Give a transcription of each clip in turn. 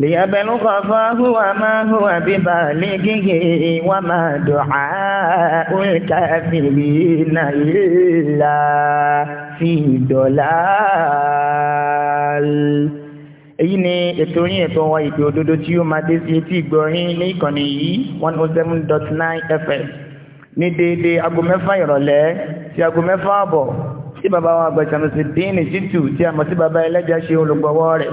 ليبلغ فهو ما هو ببالغه وما دعاء الكافرين إلا في ضلال èyí ni ètò yín ètò wa ìpè òdodo tí ó máa dé sí etí ìgbọ̀rin ní ìkànnì yìí one oh seven dot nine fm ní déédéé aago mẹ́fà ìrọ̀lẹ́ sí aago mẹ́fà àbọ̀ tí bàbá wa àgbà Ṣàmùsídíìnì Ṣítù tí a mọ̀ sí bàbá ẹlẹ́jà ṣe olùgbọ̀wọ́ rẹ̀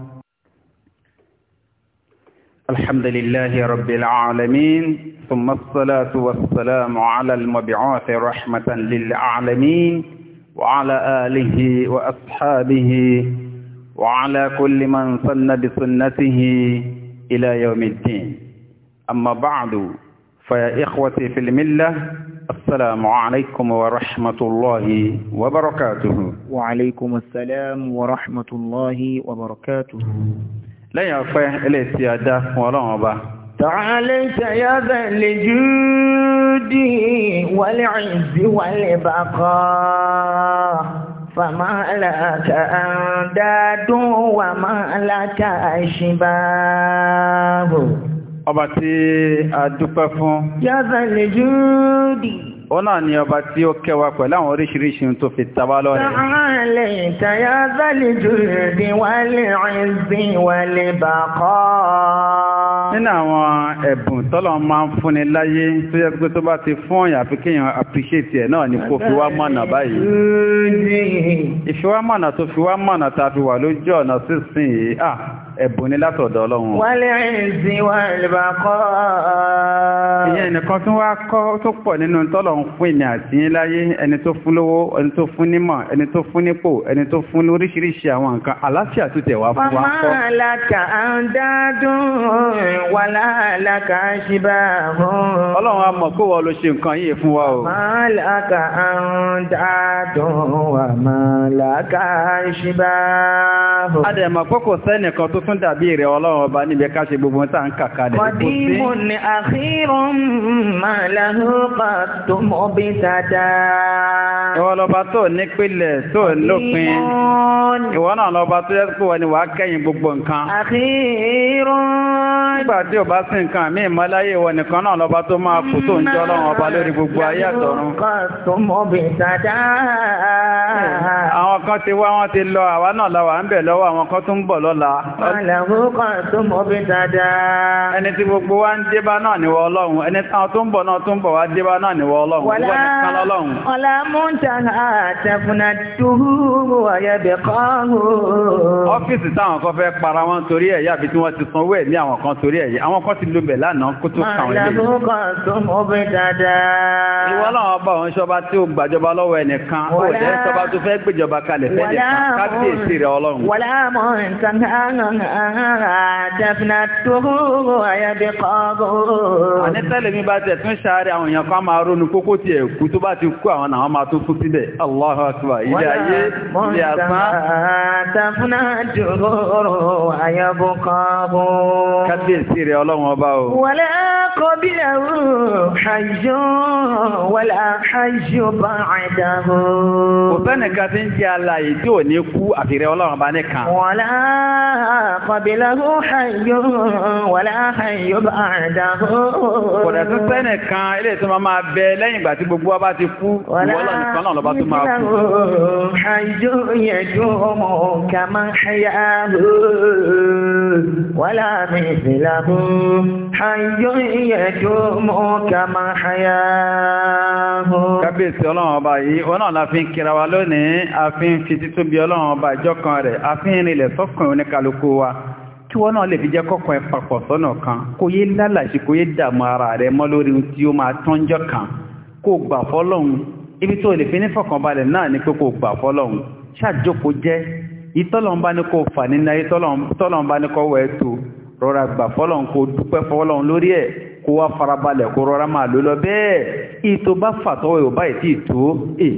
الحمد لله رب العالمين ثم الصلاة والسلام على المبعوث رحمة للعالمين وعلى آله وأصحابه وعلى كل من صن بسنته إلى يوم الدين أما بعد فيا إخوتي في الملة السلام عليكم ورحمة الله وبركاته وعليكم السلام ورحمة الله وبركاته lẹ́yìn ọpẹ́ eléyìí a dá fún ọlọ́run ọba. Tàálẹ́ ṣayábẹ̀ lè jú dì wálé ìzí wálé bá kọ́. Fàmá làkà àndádún wà má làkà Ọba tí a dúpẹ́ fún. Yábẹ̀ lè jú dì ó náà ni ọba tí ó kẹwa pẹ̀lú àwọn oríṣiríṣi tó fi tàbá lọ́rẹ̀. Ààlẹ̀ ìtayá bẹ́lì jùlọ̀dí wálé ọ̀ẹ́sìn wálé bàkọ́. tó appreciate ẹ̀ ni kò fi wá mọ̀nà báyìí. Ìfiwámọ̀nà tó fi wá mọ̀nà wà lójú ọ̀nà sísìn yìí. Ah, ẹ̀bùn ni látọ̀dọ̀ ọlọ́run. wálé ẹ̀sìn wà lẹ́bà kọ́. ìyẹn nìkan tún wá kọ́ tó pọ̀ nínú tọ́lọ́run fún ìní àti yín láyé ẹni tó fún lówó ẹni tó fún nímọ̀ ẹni tó fún nípò ẹni tó fún lóríṣiríṣi àwọn nǹkan aláṣẹ àtúntẹ̀ wá fún wa kọ́. wàhálà làkà ń dádùn wàhálà làkà ń ṣe hàn. ọlọ́run á mọ̀ kó wọ́n ló ṣe nǹkan yìí fún wa o. wàhálà làkà ń dádùn wàhálà tún dàbí rẹ̀ ọlọ́run ọba níbi ká ṣe gbogbo tá ń kàkà dẹ̀. kọ̀dímù ni àfihàn máa lọ́hùpá tó mọ́ bí dáadáa. ìwọ lọba tó nípìnlẹ̀ tó lópin ìwọ náà lọba tó yẹ kó wọ ni wàá kẹ́yìn gbogbo nǹkan. àfihàn. nígbà tí o bá sí nǹkan mi ìmọ̀láyé ìwọ nìkan náà lọba tó máa kù tó ń jẹ́ ọlọ́run ọba lórí gbogbo ayé àtọ̀run. àwọn kan ti wá wọn ti lọ àwa náà la wà ń bẹ̀ lọ́wọ́ àwọn kan tó ń bọ̀ lọ́la ẹni tí gbogbo wa ń débá náà ni wọ́n ọlọ́run ẹni táwọn tó ń bọ̀ náà tó ń bọ̀ wá débá náà ni wọ́n ọlọ́run wọ́n ní kan lọ́lọ́run. ọ̀la múntàhà àtẹ̀fúnà túhú ayẹ̀bẹ̀ kan o. ọ́fíìsì táwọn kan fẹ́ para wọn torí ẹ̀ yàbí tí wọ́n ti sanwó ẹ̀ ní àwọn kan torí ẹ̀ àwọn kan ti lóbẹ̀ lánàá kó tó kàwọn ilé. ọ̀la múntàhà àtẹ̀fúnà túhú ayẹ̀bẹ̀ kan o dafnatuhu ayabqa bòrò. àní tẹ́lẹ̀ mi bá tẹ̀ tún ṣàárì àwọn èèyàn kan máa ronú kókó tiẹ̀ kú tó bá ti kú àwọn náà máa tó kú síbẹ̀ Allahu akbar ilé ayé ilé asán. dafnatuhu ayabqa bòrò. kábíyèsí rẹ̀ ọlọ́run ọba o. wala qabilahu kọ̀bílẹ̀hù hayó wọlé hayó bá àdáhù. Kọ̀dà tún sẹ́nì kan ilé tó máa bẹ lẹ́yìn ìgbà tí gbogbo wa bá ti kú, wọ́lá nìkan náà lọ́ba tó máa kú. حي يدوم كما حياه kábíyèsí ọlọ́run ọba yìí wọn náà la fi ń kira wa lónìí a fi ń fi títún bí ọlọ́run ọba ìjọ kan rẹ̀ a fi ń rinlẹ̀ sọ́kàn oníkálukú wa kí wọn náà lè fi jẹ́ kọ́kàn ẹ̀ papọ̀ sọ́nà kan kó yé lálàsì kó yé dààmú ara rẹ̀ mọ́ lórí ohun tí ó máa tọ́njọ́ kan kó gbà fọ́lọ́hun ibi tó lè fi ní fọkànbalẹ̀ náà ni pé kó gbà fọ́lọ́hun ṣáàjókòó jẹ́ ìtọ́lọ́nba ni kò fà nínú ayé tọ́lọ́nba ni kò wẹ̀ tó rọra gbà fọ́lọ̀n kó dúpẹ́ fọ́lọ̀n lórí ẹ̀ kó wá farabalẹ̀ kó rọra máa ló lọ bẹ́ẹ̀ ìtò bá fàtọ́wọ́ ìwọ̀bá ìtì ìtò è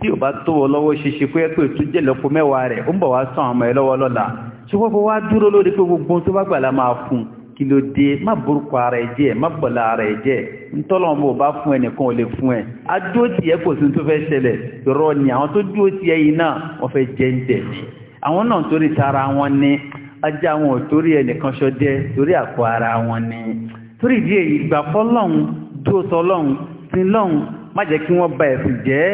tí ò bá tó wọ lọ́wọ́ ṣeṣe pé pé tó jẹ́ lọ́pọ̀ mẹ́wàá rẹ̀ ó ń bọ̀ wá sàn ọmọ ẹ lọ́wọ́ lọ́la ṣùgbọ́n fọwọ́ dúró lórí pé gbogbo tó bá gbàlá máa fún kí ló dé má burúkú ara ẹ jẹ má bọ̀lá ara ẹ jẹ ntọ́lọ́n bò bá fún ẹ nìkan ò lè fún ẹ adó tiẹ̀ kò sí tó fẹ́ ṣẹlẹ̀ rọ ni àwọn tó dúró tiẹ̀ yìí náà wọ́n fẹ́ jẹ́ ń jẹ̀ àwọn náà torí tara wọn ní ajá wọn ò torí ẹnìkan ṣọdẹ torí àpò ara wọn ni torí ìdí èyí gbà fọ́lọ́hun dúró sọlọ́hun sin lọ́hun má jẹ́ kí wọ́n ba ẹ̀sìn jẹ́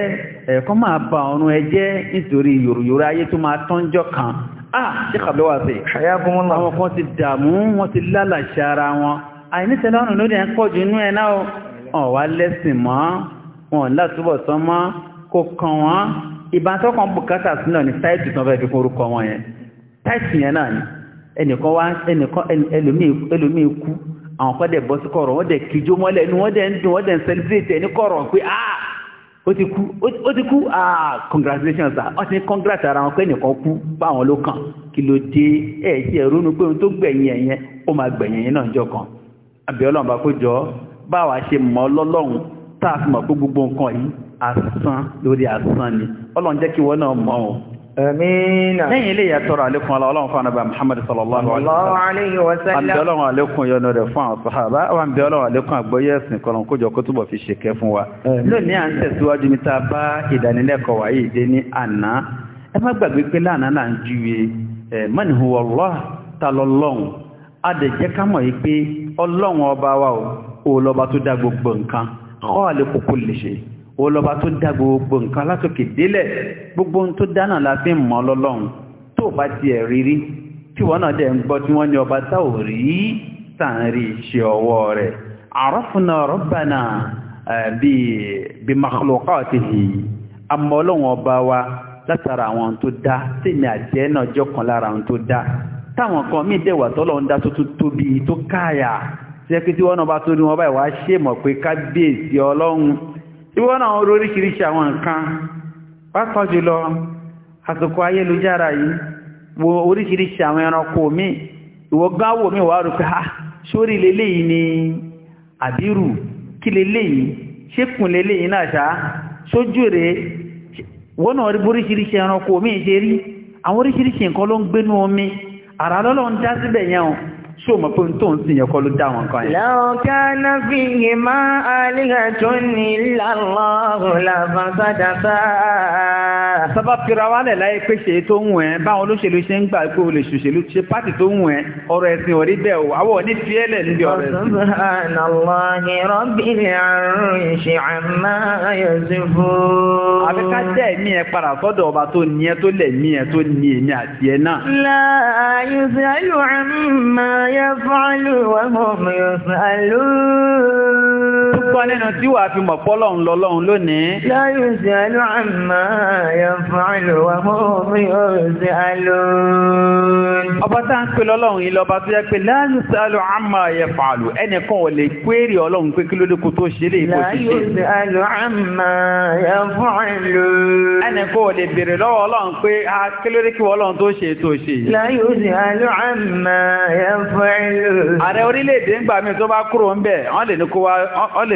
ẹ̀kọ́ máa ba ọ̀run ẹ jẹ́ nítorí yòròyòrò ayé tó máa tọ́njọ́ kan ah ṣé kàbílẹ̀ wà sí àwọn kan ti dààmú wọn ti lálàṣẹ ara wọn àìnítẹ̀lọ́rùn lórí ẹ̀ ń pọ̀jù inú ẹ̀ náà wọn wá lẹ́sìn mọ́ wọn látúbọ̀ sán mọ́ kó kàn wọ́n ìbátan kan bùkátà sílẹ̀ ní sáìtì tán fẹ́ fi kórúkọ wọn yẹn táìsì yẹn náà ni ẹnìkan wá ẹnìkan ẹlòmíì kú àwọn kan dẹ̀ bọ́ sí kọ̀rọ̀ wọ́n dẹ̀ kíjó mọ́lẹ̀ inú wọ́n dẹ̀ ń dùn wọ́n dẹ̀ ń celebrate ẹni kọ̀rọ̀ pé ah ó ti kú ó ti kú ah congratulations sir wọ́n ti ní congrats ara wọn pé ẹnìkan kú báwọn ló kàn kí ló dé ẹ̀ẹ́dẹ̀ ronú pé ohun tó gbẹ̀yìn ẹ̀yẹn ó máa gbẹ̀yìn ẹ̀yẹn náà jọ kan àbí ọlọ́run bá kó jọ báwa ṣe mọ̀ lọ́lọ́run tá a fi mọ̀ pé gbogbo nǹkan yìí asán lórí asán ni ọlọ́run jẹ́ kí wọ́n náà mọ̀ ọ́n Àmín. Lẹ́yìn ilé ìyàtọ̀rọ̀ àlékún ọlọ́run fún ànàbà Muhammad sallallahu alayhi wa sallam. Àbí ọlọ́run àlékún yọnu rẹ̀ fún àwọn sàhábà, wà ń bí ọlọ́run àlékún àgbọ́yé ẹ̀sìn kọlọ̀ kójọ kó túbọ̀ fi ṣèkẹ́ fún wa. Lónìí à ń tẹ̀síwájú níta bá ìdánilẹ́kọ̀ọ́ wáyé ìdé ní àná. Ẹ má gbàgbé pé olọba tó dá gbogbo nǹkan látòkè délẹ̀ gbogbo ohun tó dáná la fi ń mọ̀ lọ́lọ́run tó bá tiẹ̀ rírí tí wọ́n náà dẹ̀ ń gbọ́ tí wọ́n ní ọba tá ò rí tàǹrí ṣe ọwọ́ rẹ̀ àrọ́fúnà rọ́bànà bíi bíi makhlukatihi àmọ́ ọlọ́run ọba wa látara àwọn tó dá tèmi àjẹ́ náà jọ́kan lára àwọn tó dá táwọn kan míì dẹ̀wà tọ́lọ́ ń dá tó tóbi tó káàyà tí wọ́n náà bá tó rí wọn báyìí wá ṣèmọ̀ pé kábíyèsí ọlọ́run ìwọ́n náà oríṣiríṣi àwọn nǹkan pàtàkì jùlọ àsìkò ayélujára yìí wo oríṣiríṣi àwọn ẹranko mi ìwọ gáwò mi wà rú pé ha ah, sórí leléyìí ni àbírù kí leléyìí ṣékùn leléyìí náà ṣá sójú wọ́n náà rí oríṣiríṣi ẹranko mi nǹkan ṣó mọ̀ pé tó ń sìn yẹn kọ́ ló dá wọn kan yẹn. lọ́ọ̀ká náà fi yè má àlìyà tó ní lálọ́ làbà sádàtà. sábà fira wa lẹ̀ láyé pé tó ń wẹ̀ báwọn olóṣèlú ṣe ń gbà pé o ṣòṣèlú ṣe pátì tó ń wẹ̀ ọ̀rọ̀ ẹ̀sìn ò rí bẹ́ẹ̀ o àwọ̀ ní fiẹ́lẹ̀ níbi ọ̀rọ̀ ẹ̀sìn. subhanallahi rabbil arshi amma yasifun. àbíká jẹ́ يفعل وهم يسألون gbọ́ nínú tí wà fi mọ̀ pọ́lọ́hun lọ́lọ́hun lónìí. láyé sí alú àmà yẹnfà lọ́wọ́ mọ́mí òsì alú. ọba tá ń pè lọ́lọ́hun yìí lọ́ba tó yẹ pé láyé sí alú àmà yẹnfà lù ẹnìkan ò lè kwérì ọlọ́hun pé kí ló dé kó tó ṣe lè kó ti ṣe. láyé sí alú àmà yẹnfà lù. ẹnìkan ò lè béèrè lọ́wọ́ ọlọ́hun pé ah,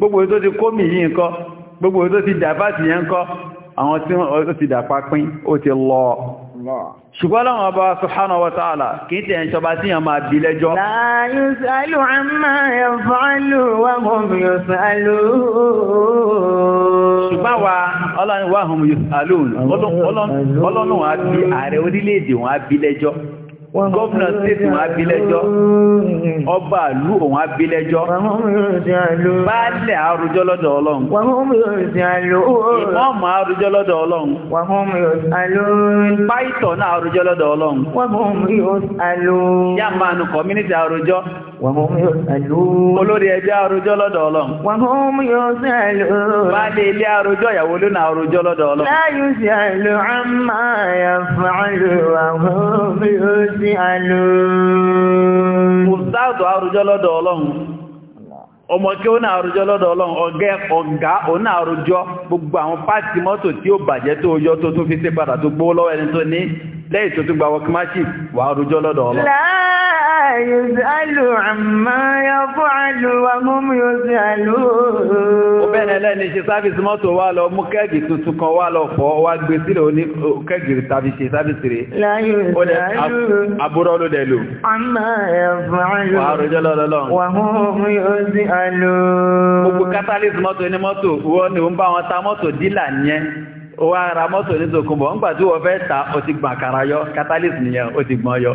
gbogbo tó ti kómì yìí ńkọ́ gbogbo tó ti dà báti yẹn ńkọ́ àwọn tí ó ti dà pápín ó ti lọ ṣùgbọ́n láwọn ọba ṣùhánà wọ́tàálà kì í tẹ̀yìn ṣọba tí yàn máa bí lẹ́jọ́. láàyò sálù ṣùgbọ́n wa ọlọ́run wàhùn yóò ààrẹ orílẹ̀-èdè wọn á bí lẹ́jọ́ gọ́ọ̀nà stéètì wọn abilẹ́jọ́ ọba àlú òun abilẹ́jọ́ baálẹ̀ arújọ́ lọ́dọ̀ ọlọ́run ìmọ̀ọ́mù arújọ́ lọ́dọ̀ ọlọ́run pàìtọ̀ náà arújọ́ lọ́dọ̀ ọlọ́run yàmánù community arújọ́ Wọ́n mú yóò sẹ́lú. Olórí ẹjẹ́ arojọ́ lọ́dọ̀ ọlọ́run. Wọ́n mú yóò sẹ́lú. Báálé ilé arojọ́ ìyàwó ló na arojọ́ lọ́dọ̀ ọlọ́run. Láyé sẹ́lú, a máa yà fàálù, àwọn mú yóò sẹ́lú. Mùsáàtù arojọ́ lọ́dọ̀ ọlọ́run. Ọmọ kí ó náà arojọ́ lọ́dọ̀ ọlọ́run, ọ̀gẹ́ ọ̀gá ó náà arojọ́ gbogbo àwọn pàtì mọ́tò tí ó bàjẹ́ tó yọ tó tún fi sí padà tó gbówó lọ́wọ́ ẹni tó ní lẹ́yìn tó tún gba wọkímáṣì wà arojọ́ lọ́dọ̀ ọlọ́run yùsàlù àmà yàfọ́ àlùwà múmú yùsàlù. ó bẹ́ẹ̀ lẹ́ni ṣe sáfíìsì mọ́tò wá lọ mú kẹ́ẹ̀gì tuntun kan wá lọ fọ́ wá gbé sílẹ̀ ó ní kẹ́ẹ̀gì tàbí ṣe sáfíìsì rẹ̀. àbúrò ló dẹ̀ lò. àmà yàfọ́ àlùwà. wàá rojọ́ lọ́lọ́lọ́. wà múmú yùsàlù. gbogbo ni ó ń bá wọn ta mọ́tò dílà yẹn ó wá ra ta ó ti gbọ̀n kàrà catalyst nìyẹn ó ti gbọ̀n yọ.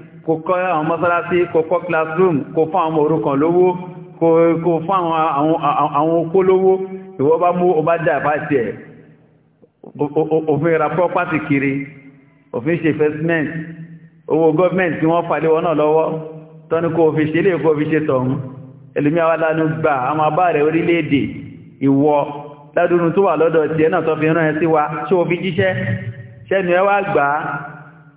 kò kọ́ àwọn mọ́sálásí kò kọ́ classroom kò fún àwọn òrukàn lówó kò fún àwọn okó lówó ìwọ bá mú ọba jà bá ti ẹ̀ òfin ra property kiri òfin ṣe investment owó government tí wọ́n fàlẹ́wọ́ náà lọ́wọ́ tọ́ni kò fi ṣe lè kò fi ṣe tọ̀hún ẹlùmí awádánú gbà a máa bá rẹ̀ orílẹ̀-èdè ìwọ ládúrún tó wà lọ́dọ̀ tí ẹ náà tọ́ fi rán ẹ sí wa ṣó fi jíṣẹ́ ṣẹ́nu ẹ wá gbàá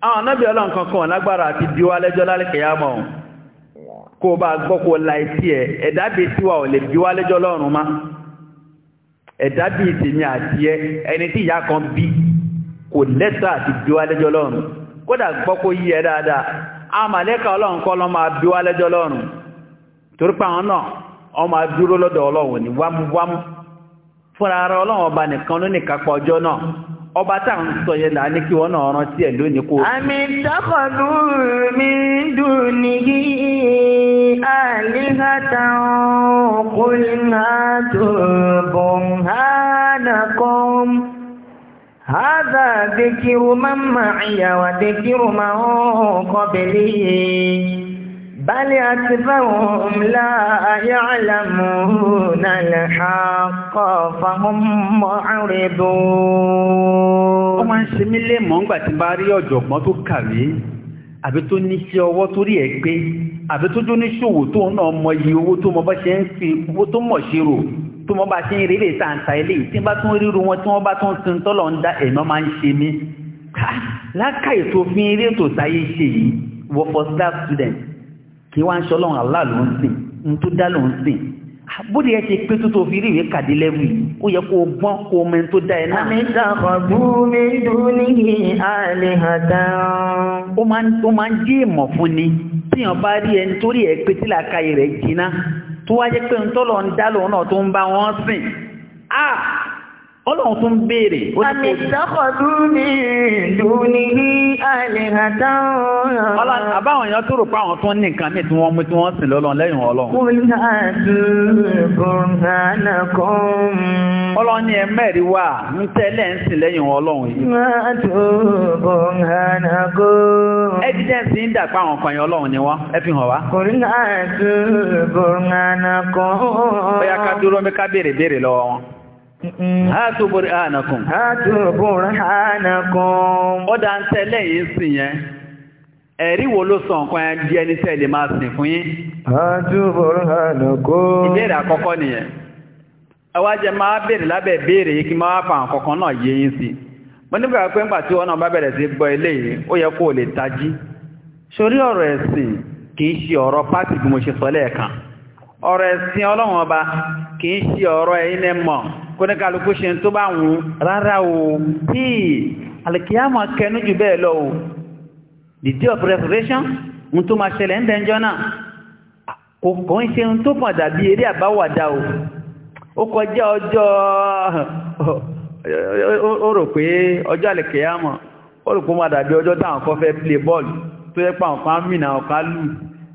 Ah, àwọn anábì ọlọ́run kankan lágbára àti diwa lẹ́jọ́ lálẹ́kẹ̀yà mọ̀ kó bá gbọ́ láìsí ẹ̀ bí tiwa ò lè diwa lẹ́jọ́ lọ́run má ẹ̀dá bí àti ẹ ẹni tí ìyá kan bí kò lẹ́tọ̀ àti diwa lẹ́jọ́ kódà gbọ́ yí ẹ dáadáa ọba tá à ń sọ yẹn là ní kí wọ́n náà rántí ẹ̀ lónìí kó. àmì ìtọ́kọ̀dù mi dùn nìyí àlìhàtà ọkùnrin àtòbọ̀ hánàkọ́m. هذا ذكر من معي وذكر من قبلي بل أكثرهم لا يعلمون الحق فهم معرضون. ọmọ ń lé mọ́ ńgbà tí bá rí ọ̀jọ̀gbọ́n tó kàwé àbí tó níṣẹ́ ọwọ́ tó rí ẹ̀ pé àbí tó jó níṣòwò tó náà mọ iye owó tó mọ bá ṣe ń fi owó tó mọ̀ ṣe rò tó mọ bá ṣe ń rèé lè ta àǹtà ilé tí bá tún ríru wọn tí wọ́n bá tún sin tọ́lọ̀ ń dá ẹ̀nà máa ń ṣe mí. lákàyè tó fi eré ètò sáyé ṣe yìí wọ first class kí wá ń ṣe ọlọ́run Allah ló ń sìn ń tó dá ló ń sìn bóde ẹ ṣe pé tó tó fi rí ìwé kàdé lẹ́wù yìí ó yẹ kó o gbọ́n kó o mẹ́rin tó dá ẹ náà. àmì ìtàkọ̀bù mi dùn ní àlè àdá. ó máa ń jí ìmọ̀ fún ni tíyàn bá rí ẹni tó rí ẹ pé tí làákàyè rẹ̀ jiná tó wá jẹ́ pé ń tọ́lọ̀ ń dá lòun náà tó ń bá wọn sìn. Ah! ọlọ́run tún béèrè. àmì ìtọ́kọ̀dú ní ìlú ní àlèhàtà ọ̀rọ̀. àbáwọn èèyàn tó rò pé àwọn tó ń ní nǹkan mí tí wọ́n mú tí wọ́n sìn lọ́lọ́run lẹ́yìn ọlọ́run. ọlọ́run ní ẹ mẹ́rin wà ń tẹ́lẹ̀ ń sìn lẹ́yìn ọlọ́run yìí. ẹ́dídẹ́ǹsì ń dàpọ̀ àwọn kan yẹn ọlọ́run ni wọ́n ẹ fi hàn wá. bóyá ká dúró mi ká Hátù borí ánàkùn. Hátù borí ánàkùn. Ó dá ń tẹ́lẹ̀ yìí sí yẹn. Ẹ̀rí wo ló sọ nǹkan ẹ di ẹni tẹ́lẹ̀ máa sìn fún yín? Hátù borí ánàkùn. Ìbéèrè àkọ́kọ́ nìyẹn. Ẹwà jẹ máa béèrè lábẹ́ béèrè yìí kí máa fa nǹkankan náà yé yín sí. Mo nígbà pé ńgbà tí wọn náà bá bẹ̀rẹ̀ sí gbọ́ ilé yìí, ó yẹ kó o lè tají. Sórí ọ̀rọ̀ ẹ̀sìn kì í ṣe ọ̀rọ̀ pátì bí mo ṣe sọ lẹ́ẹ̀kan. Ọ̀rọ̀ ẹ̀sìn Ọlọ́run ọba kì í ṣe ọ̀rọ̀ ẹ̀yin lẹ mọ̀ kó ní kálukú ṣe tó bá wù rárá o híì alìkìyàmọ̀ kẹnu jù bẹ́ẹ̀ lọ o the day of resurrection ń tó máa ṣẹlẹ̀ ń bẹ́ńjọ́ náà kò kàn ṣe ń tó padà bí eré àbáwàdà o ó kọjá ọjọ́ ó rò pé ọjọ́ alìkìyàmọ̀ ó rò pé ó máa dàbí ọjọ́ táwọn kan fẹ́ play ball tó yẹ pé àwọn kan mìíràn àwọn kan lù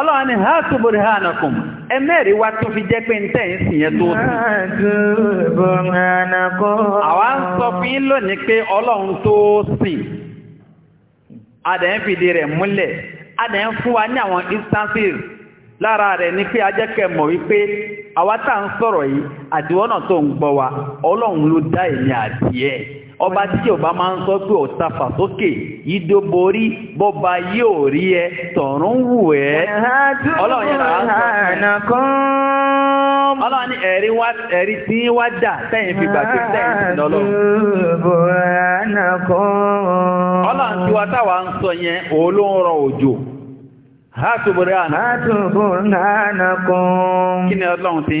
ọlọ́run ni ha tó borí ha nàkùn ẹ mẹ́rin wa tó fi jẹ́ pé ń tẹ̀yìn sì yẹn tó sùn. àwa ń sọ fún yín lónìí pé ọlọ́run tó sìn adẹ̀ ń fìdí rẹ̀ múlẹ̀ adẹ̀ ń fún wa ní àwọn instances lára rẹ̀ ni pé ajẹ́kẹ̀ mọ̀ wípé àwa tá à ń sọ̀rọ̀ yìí àdìwọ́nà tó ń gbọ́ wa ọlọ́run ló dá èmi àdìẹ́. ọba tí ò bá máa ń sọ pé ọ̀tá fàsókè yídó yóò rí ẹ tọ̀rún wù ẹ́ ọlọ́run yẹn là ń sọ ọlọ́run ní ẹ̀rí tí wá dà tẹ́yìn fi gbàgbé tẹ́yìn sí lọ́lọ́ ọlọ́run tí wá táwa ń sọ yẹn òun ló ń rọ òjò hátùbùrẹ́ àná hátùbùrẹ́ àná kan kí ni ọlọ́run ti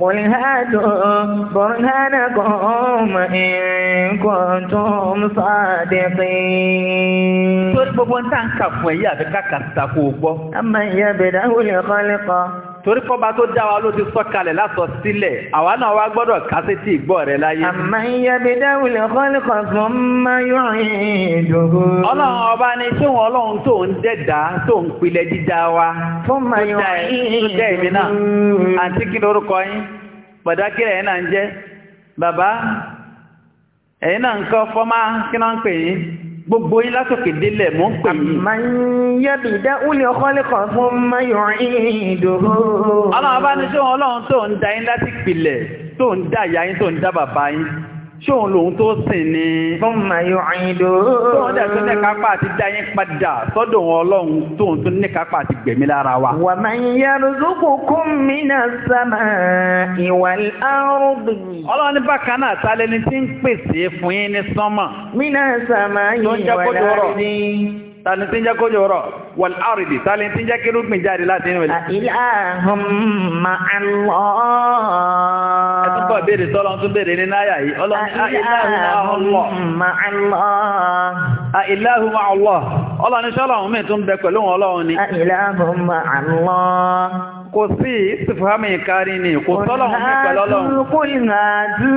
قل هاتوا برهانكم إن كنتم صادقين. torí pọ́ba tó dá wa ló ti sọ kalẹ̀ sílẹ̀ àwa náà wá gbọ́dọ̀ ìgbọ́ rẹ̀ láyé. àmà iye bí dáwùlẹ̀ kọ́lẹ́kọ̀ tó ń má yóò rìn ọlọ́run ọba ni tí ọlọ́run tó ń tó ń wa. tó yóò rìn tó jẹ́ èmi náà kí yín yín náà ń jẹ́ gbogbo yín látòkè délẹ̀ mọ́ ń pè yín. àmọ́ yẹ́bi dá wúlé ọkọ́lẹ́kọ̀ fún mayọ̀ ìdòwò. ọlọ́run bá ọlọ́run tó ń da yín láti pilẹ̀ tó ń da ìyá yín tó ń da bàbá yín ṣé òun lòun tó sìn ni. fún mayo àyìndó. tóun dẹ̀ tún níkápá àti dáyé padà sọ́dọ̀ wọn ọlọ́run tóun tún níkápá àti gbẹ̀mí lára wa. wà á máa yẹrù zókòókò mìíràn sábà ìwà àrùbí. ọlọ́run bákan náà sálẹ̀ ni tí ń pèsè fún yín ní sánmà. mìíràn sábà ìwà àrùbí. tó ń jẹ́ kó dọ̀rọ̀ tani tí ń jẹ́ kójò rọ̀ wal ardi tani tí ń jẹ́ kí rúgbìn jáde láti inú Allah ilahum ma'allah. ẹ tún bọ̀ béèrè sọ́lọ́ tún béèrè ní náyà yìí ọlọ́run a ilahum ma'allah. a ilahum ma'allah ọlọ́run sọ́lọ́run mi tún bẹ pẹ̀lú wọn ni. a ilahum ma'allah. kò sí ìsìfàmì ìkárí ni kò sọ́lọ̀ ní pẹ̀lọ́lọ́run. kò láàdú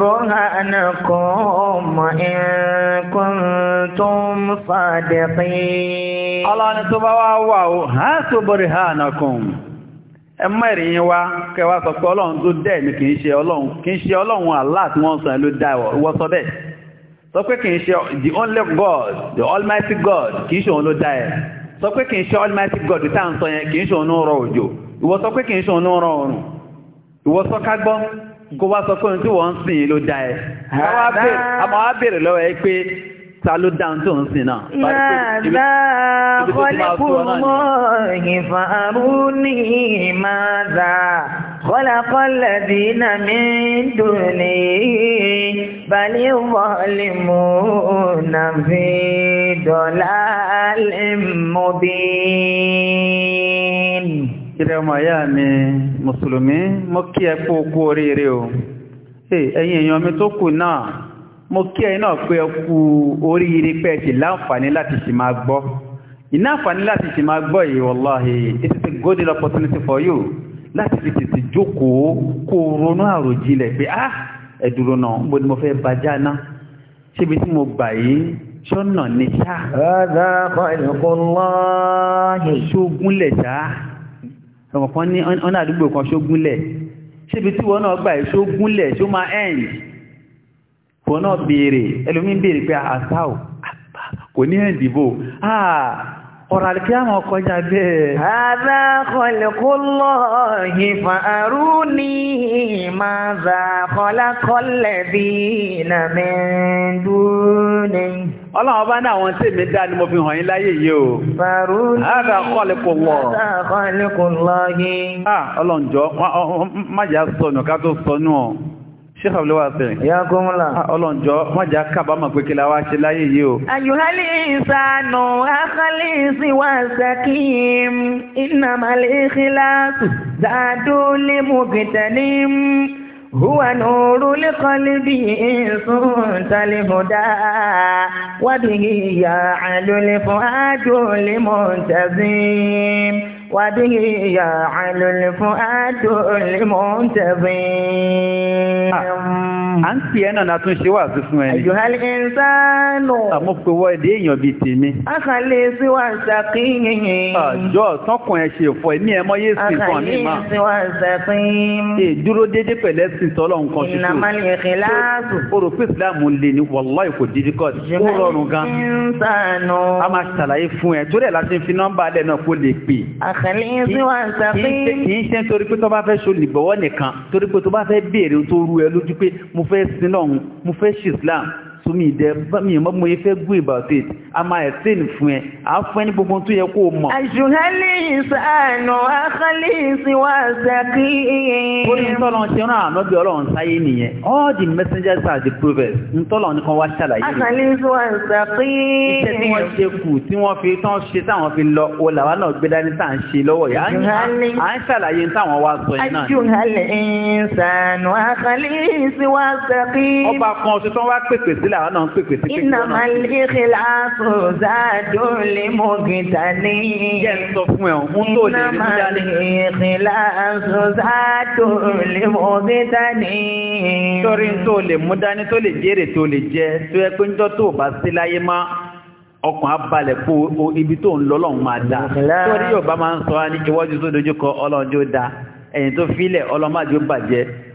bọ́hánà kan mọ̀ ẹ̀kùn tó ń fàdẹ̀ pé. ọlọ́ni tó bá wá wà ó ha tó bọ̀rẹ̀ ha nà ẹ mẹ́rin yín wá kẹwàá sọ pé ọlọ́run tó dẹ̀ mi kì í ṣe ọlọ́run kì í ṣe ọlọ́run Allah tí wọ́n sàn ló dá ìwọ sọ bẹ́ẹ̀ sọ pé kì í ṣe the only God the almighty God kì í ṣe òun ló dá ẹ̀. sọ pé kì í ṣe almighty god tá à ń sọ yẹn kì í ṣe òun rọ òjò ìwọ sọ pé kì í ṣe òun rọ ọrùn ìwọ sọ ká gbọ́ kó wá sọ pé ohun tí wọ́n ń sìn ló da ẹ̀ àmọ́ wá béèrè lọ́wọ́ ẹ pé ta ló dáhùn tó ń sìn náà. Bàbá kọ́lẹ́kùnmọ́ ìfàrúnì máa dà kọ́lákọ́lẹ̀ dínà mí dùn ní. بل الظالمون في ضلال مبين ìrẹ́ ọmọ ìyá mi mùsùlùmí mo kí ẹ kú okú oríire o ẹ̀yin èèyàn mi tó kù náà mo kí ẹ̀yin náà pé ẹ kú oríire pé ẹ láti sì máa gbọ́ ìná láti sì máa gbọ́ yìí wàláhì it is a golden opportunity for you láti fi tètè jókòó kó ronú àròjinlẹ̀ pé ah ẹ̀dúró náà mo ni mo fẹ́ bàjá náà ṣébi tí mo gbà yìí ṣọ́nà ní ṣá. ọ̀dà kọ́ ìlúkọ́ lọ́ọ̀hìn. ṣógúnlẹ̀ ṣá ọmọ kan ní ọ̀nà àdúgbò kan ṣógúnlẹ̀ ṣébi tí wọn náà gbà yìí ṣógúnlẹ̀ ṣó máa end wọn náà béèrè ẹlòmíín béèrè pé àṣà ò kò ní end ọ̀rọ̀ àlìkíyàmọ̀ kọjá bẹ́ẹ̀. Àdá kọlẹ̀kọ́lọ́ ìfà àrú ní máa zà kọlákọlẹ̀ bí nàmẹ́ndú ní. Ọlọ́run bá ní àwọn tí èmi dá ni mo fi hàn yín láyé yìí o. Fàrú ní àdá kọlẹ̀kọ́lọ́. Àdá kọlẹ̀kọ́lọ́ yìí. Ọlọ́run má jẹ́ sọnù ká tó sọnù ọ̀. Sheikh Abdul Wasiu. Ya kúnmùlà. Ah, Ọlọ́njọ́, wọ́n jà kábàámọ̀ pé kí la wá ṣe láyé yìí o. Àyùhálì ìsànù, àkálì ìsìnwá ṣàkíyìm, iná màlẹ̀ ìkìláàsù, dàdú lè mú bìtẹ̀lì. Húwa nùrù lẹ́kọ̀ọ́lì bí ìsùn tàlẹ̀ hùdá. ìyá àlùlẹ̀ fún àjò lè tẹ̀sí. وبه يعل الفؤاد المنتظم à ń tiẹ̀ náà na tún ṣe wà fífún ẹni. àjùhálì ìsánù. àmúfowó èdè èèyàn bíi tèmi. àkàlẹ̀ sí wa ṣàkíyìn. àjọ sọkùn ẹ ṣe fọ ẹmí ẹ mọyé sí fún mi máa. àkàlẹ̀ sí wa ṣàkíyìn. èdúró déédéé pẹ̀lẹ́ sí tọ́lọ̀ nǹkan ṣoṣo. ìnàmọ́lẹ̀ ìkìláàsù. o rò pé ìsìláàmù lè ní wàláì kò dídí kọ́ ó a máa ṣàlàyé fún ẹ torí ẹ̀ láti fi nọ́mbà alẹ́ náà kó kàlíyèsí wà sàfihàn. kì í ṣe torí pé tó bá fẹ́ ṣolì bọ̀wọ́ nìkan torí pé tó bá fẹ́ béèrè tó rú ẹ lójú pé mo fẹ́ sin Ọlọ́run mo fẹ́ ṣe Islam so mi dẹ mi mọ mo fẹ́ gbé about it a máa ẹ̀sìn fún ẹ a fún ẹ ní gbogbo tó yẹ kó o Sanu, àṣùhálì ìsànù àkálì ìsìnwá ṣàkí. ó ní tọ́lọ̀ ṣe rán ànábì ọlọ́run sáyé nìyẹn all the messengers are the prophets ń tọ́lọ̀ nìkan wá ṣàlàyé. àkálì ìsìnwá ṣàkí. iṣẹ́ tí wọ́n ṣe kù tí wọ́n fi tán ṣe táwọn fi lọ o làwa náà gbé dání tá à ń ṣe lọ́wọ́ yìí. à ń ṣàlàyé táwọn wá sọ yìí náà. àṣùhálì ìsànù àkálì ìsìnwá ṣàkí. ọba kan ṣetán wá pèpè sí làwọn náà ń pèpè sí pé. iná máa ń lé kí láàfù záàdùn lè mú gìtà ní. jẹ́ ń sọ fún ẹ̀ ọ̀hún tó lè rí mú dání. iná máa ń lé kí láàfù záàdùn lè mú gìtà ní. sórí tó lè mú dání tó lè jèrè tó lè jẹ tó yẹ pé ń jọ́ tó bá sí láyé má ọkàn á balẹ̀ kó ibi tó ń lọ lọ́hùn máa dáa torí Yorùbá máa ń sọ wá ní tó dojú kọ ọlọ́run jó dáa ẹ̀yìn tó fílẹ̀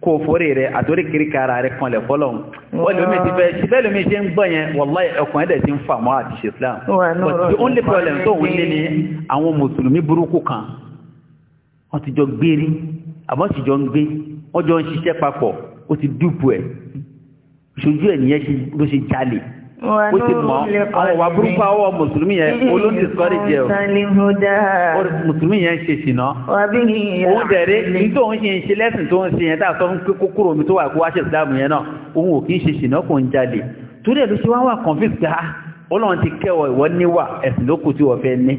kò fórí rẹ̀ àtórí kiri kára rẹ̀ kanlẹ̀ fọ́lọ́n wọ́lùmí ti fẹ́ ṣíbẹ́lùmí ṣe ń gbọ́ yẹn wọ́lá ẹ̀kùn ẹ̀dẹ̀ ti ń fà mọ́ àti ṣe Islam but the only problem tó ń lé ní àwọn mùsùlùmí burúkú kan wọ́n ti jọ gbérí àbọ́ ti jọ ń gbé wọ́n jọ ń ṣiṣẹ́ papọ̀ ó ti dúpù ẹ̀ ṣojú ẹ̀ nìyẹn ló ṣe jalè ó ti mọ́ àwọn wà burúkú àwọ̀ mùsùlùmí yẹn olóńtì sọ́rí jẹ́ o mùsùlùmí yẹn ṣe ṣìnà òun dẹ̀rẹ́ ní tó ń ṣe ń ṣe lẹ́sìn tó ń ṣe yẹn táà sọ ń pé kókóró mi tó wà kó wá ṣe ìsìlámù yẹn náà òun ò kí ń ṣe ṣìnà kò ń jalè torí ẹ̀ ló ṣe wá wà confuse gbà á ọlọ́run ti kẹwọ̀ ìwọ níwà ẹ̀sìn ló kù tí wọ́n fẹ́ ní.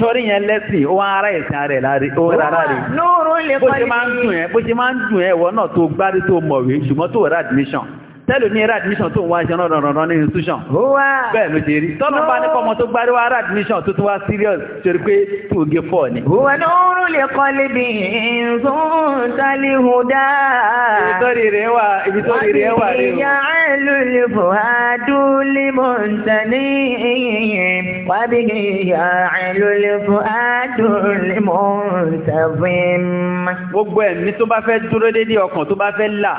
sọ́rí yẹn lẹ́sìn ó wá ara ẹ̀sìn ara ẹ̀ láre ó rárá rẹ̀. bó ṣe máa ń dùn ẹ́ bó ṣe máa ń dùn ẹ́ ìwọ náà tó gbárí tó mọ̀wé ṣùgbọ́n tó rẹ̀ admission tẹ́lù ní eré admission tó ń wá ṣe rọrọrọrọ ní institution bẹ́ẹ̀ ló ṣe rí tọ́nà bá nípa ọmọ tó gbárí wá admission tó tún wá serious ṣe pé tí ó gé fọ́ ni. wọ́n ní oorun lè kọ́ lébi ìzún tálí hùdá. ibi tó rí rẹ̀ wà ibi tó rí rẹ̀ wà rí o. ìyá ìlú lè fò àdúlé mọ̀ntàní wábí ìyá ìlú lè fò àdúlé mọ̀ntàfín. gbogbo ẹ̀mí tó bá fẹ́ dúró déédéé ọkàn tó bá fẹ́ là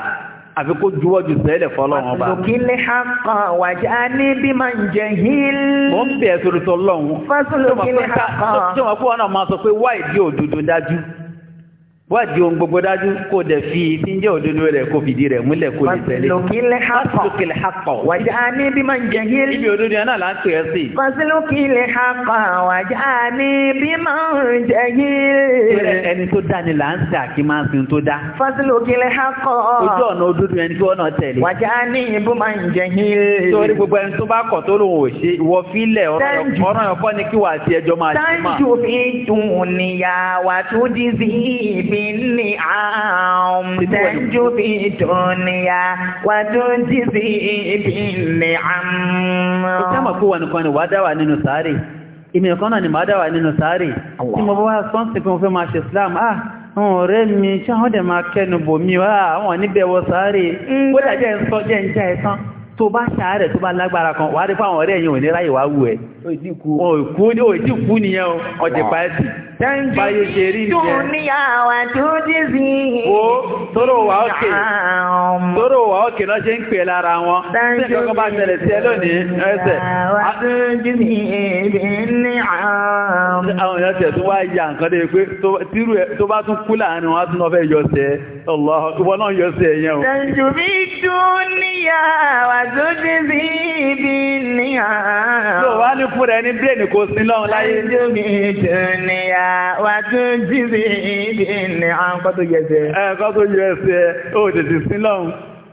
àfi kó juwọ́ ju sẹ́lẹ̀ fọlọ́run ọba. lókìlẹ̀ haqqa wà já ní bí máa ń jẹ hil. mo ń bẹ̀ẹ́ sọ̀rọ̀ sọ lọ́hùn. fásitì lókìlẹ̀ haqqa. tí wọ́n wọn náà máa sọ pé wáìdí òdodo dájú wádìí ohun gbogbo dájú kó dẹ̀ fi tí ń jẹ́ òdodo rẹ̀ kó fìdí rẹ̀ múlẹ̀ kó lè tẹ̀lé. fasilokile hakọ wàjà ní bí man jahil. ibi òdodo yẹn náà là ń pè é sí. fasilokile hakọ wàjà ní bí man jahil. ẹni tó dá ni là ń sè àkí tó dá. fasilokile hakọ. ojú ọ̀nà òdodo yẹn tí wọ́n tẹ̀lé. wàjà ní bí man jahil. torí gbogbo ẹni ilé àmúdájú bí dùnìyà wà tó jí sí ibi ilé àmú. ó sábà kó wà nìkan ni wàá dá nínú sáré èmi nìkan náà ni màá dá nínú sáré tí mo bá wá sọ́ǹsì pé mo fẹ́ máa ṣe Islam ah àwọn ọ̀rẹ́ mi tí àwọn dẹ̀ máa kẹnu bò mí wá àwọn níbẹ̀wọ̀ sáré ó dàjẹ́ ń sọ jẹ́ ń jẹ́ ẹ̀sán tó bá ṣàárẹ̀ tó bá lágbára kan wàá rí fáwọn ọ̀rẹ́ yìí ò ní ráyè wá wù ẹ́ òkú ní òjì kú nìyẹn o ọ̀jẹ̀ pàẹ́tì báyé ṣe rí ìjẹ́ tún ní àwà tó dì sí o tóró wà ókè tóró wà ókè náà ṣe ń pè lára wọn tí ìjọba bá ṣẹlẹ̀ sí ẹ ẹsẹ̀ àwọn èèyàn tẹ̀ tó wá ya nǹkan dé pé tó bá tún kú láàrin wọn tún lọ́fẹ́ yọ sí ẹ ẹ̀yẹn o. tó dì ní fún rẹ̀ ní bírèèdì kò sí lọ́run láyé. Àjọmi ìdùnnìyà wà tún jíbi ìdí ní ọkọ̀ tó yẹ sí. Ẹ̀kọ́ tó yẹ sí ẹ̀ ó tètè sí lọ́run.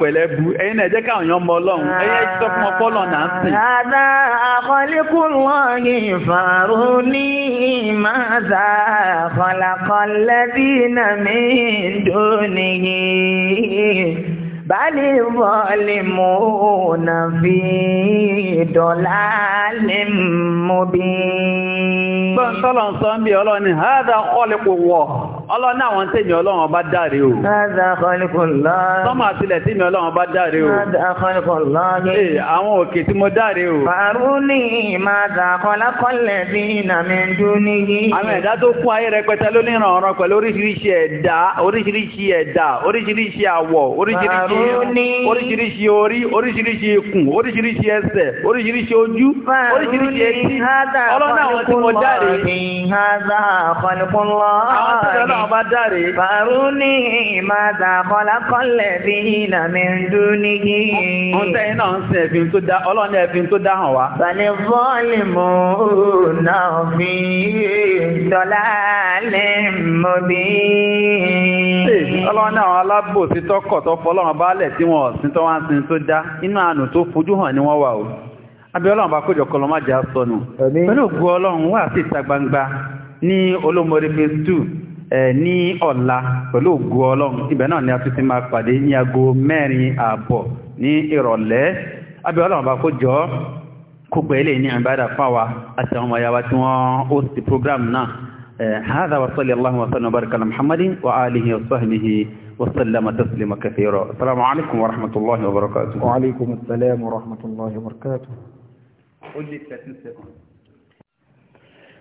pẹ̀lẹ́ bu ẹ̀yin ẹ̀jẹ́ káwọn èèyàn mọ ọlọ́run ẹ̀yin ẹ̀jẹ́ sọ fún ọpọlọ náà ń sìn. àdá àkọlẹ́kù lọ́ọ̀yì ní ìmáza kọlàkọlẹ́bí mi dóníyì bali zalimuna fi dalalin mubin. gbọ́n sọ́lọ̀ ń sọ ń bí ọlọ́ni hádà kọ́lẹ́kù wọ̀ ọlọ́run náà wọ́n tèmi ọlọ́run bá dáre o. Láàdá àkọlùkùnlá. Sọ́mà sílẹ̀ tèmi ọlọ́run bá dáre o. Láàdá àkọlùkùnlá. Ee, àwọn òkè tí mo dáre o. Fàrúnì máa dà kọlákọ́lẹ̀ bí ìnàmì dúní yìí. Àwọn ẹ̀dá tó kún ayé rẹpẹtẹ ló ní ìrànràn pẹ̀lú oríṣiríṣi ẹ̀dá, oríṣiríṣi ẹ̀dá, oríṣiríṣi àwọ̀, oríṣiríṣi orí, oríṣiríṣi ikùn, oríṣiríṣi ẹsẹ̀, oríṣiríṣi ojú, oríṣiríṣi etí. Ọlọ́run àwọn tí mo dáre. ọlọ́run bá dáre. Fàrúnì màdà kọlákọ́lẹ̀ bí iná mi ń dún níyì. Mo ń tẹ́yìn náà ń sin ẹ̀fin tó dá ọlọ́run ní tó dá hàn wá. Bàlẹ̀ bọ́ọ̀lì mo náà fi dọ́là lẹ́ mọ́ bí. Ọlọ́run alábòsí tọkọ̀ tó fọlọ́run bá tí wọ́n sin tó wá sin tó dá. Inú àánú tó fojú hàn ni wọ́n wà o. Abẹ́ ọlọ́run ní ọ̀la pẹ̀lú ògo ọlọ́run ibẹ̀ náà ni a tún ti máa pàdé ní aago mẹ́rin ààbọ̀ ní ìrọ̀lẹ́ abẹ́ ọlọ́run bá kó jọ kó pẹ́ lè ní àbádà fáwa àti àwọn ọmọ yàwá tí wọ́n ó sì program náà هذا وصلى الله وسلم وبارك على محمد وآله وصحبه وسلم تسليما كثيرا السلام عليكم ورحمة الله وبركاته وعليكم السلام ورحمة الله وبركاته قل لي 30 سكند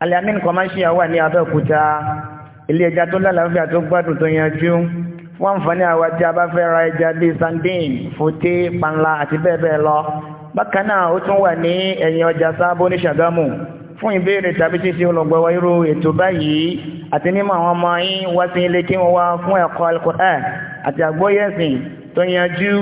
Al-Yamin commercial wà ní Abẹ́òkúta ilé ẹja tó lálàáfíà tó gbádùn tó yanjú wọ́n ń fọ́ní àwa tí a bá fẹ́ ra ẹja bíi sandin fòté panla àti bẹ́ẹ̀ bẹ́ẹ̀ lọ bákan náà ó tún wà ní ẹ̀yìn ọjà sábó ní Ṣàgámù fún ìbéèrè tàbí ṣíṣe olùgbọ̀wọ́ irú ètò báyìí àti nímọ̀ àwọn ọmọ yín wá sí ilé kí wọ́n wá fún ẹ̀kọ́ Al-Qur'an àti àgbóyẹ̀sìn tó yanjú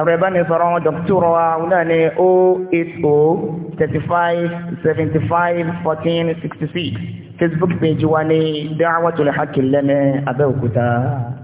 ẹ̀rọ ìbánisọ̀rọ̀ wọn dọ̀kítọ̀rọ̀ wa wọn náà ní o oh eight o oh thirty five seventy five fourteen sixty six facebook page wa ní Da'watul Haqq lẹ́nu Abẹ́òkúta.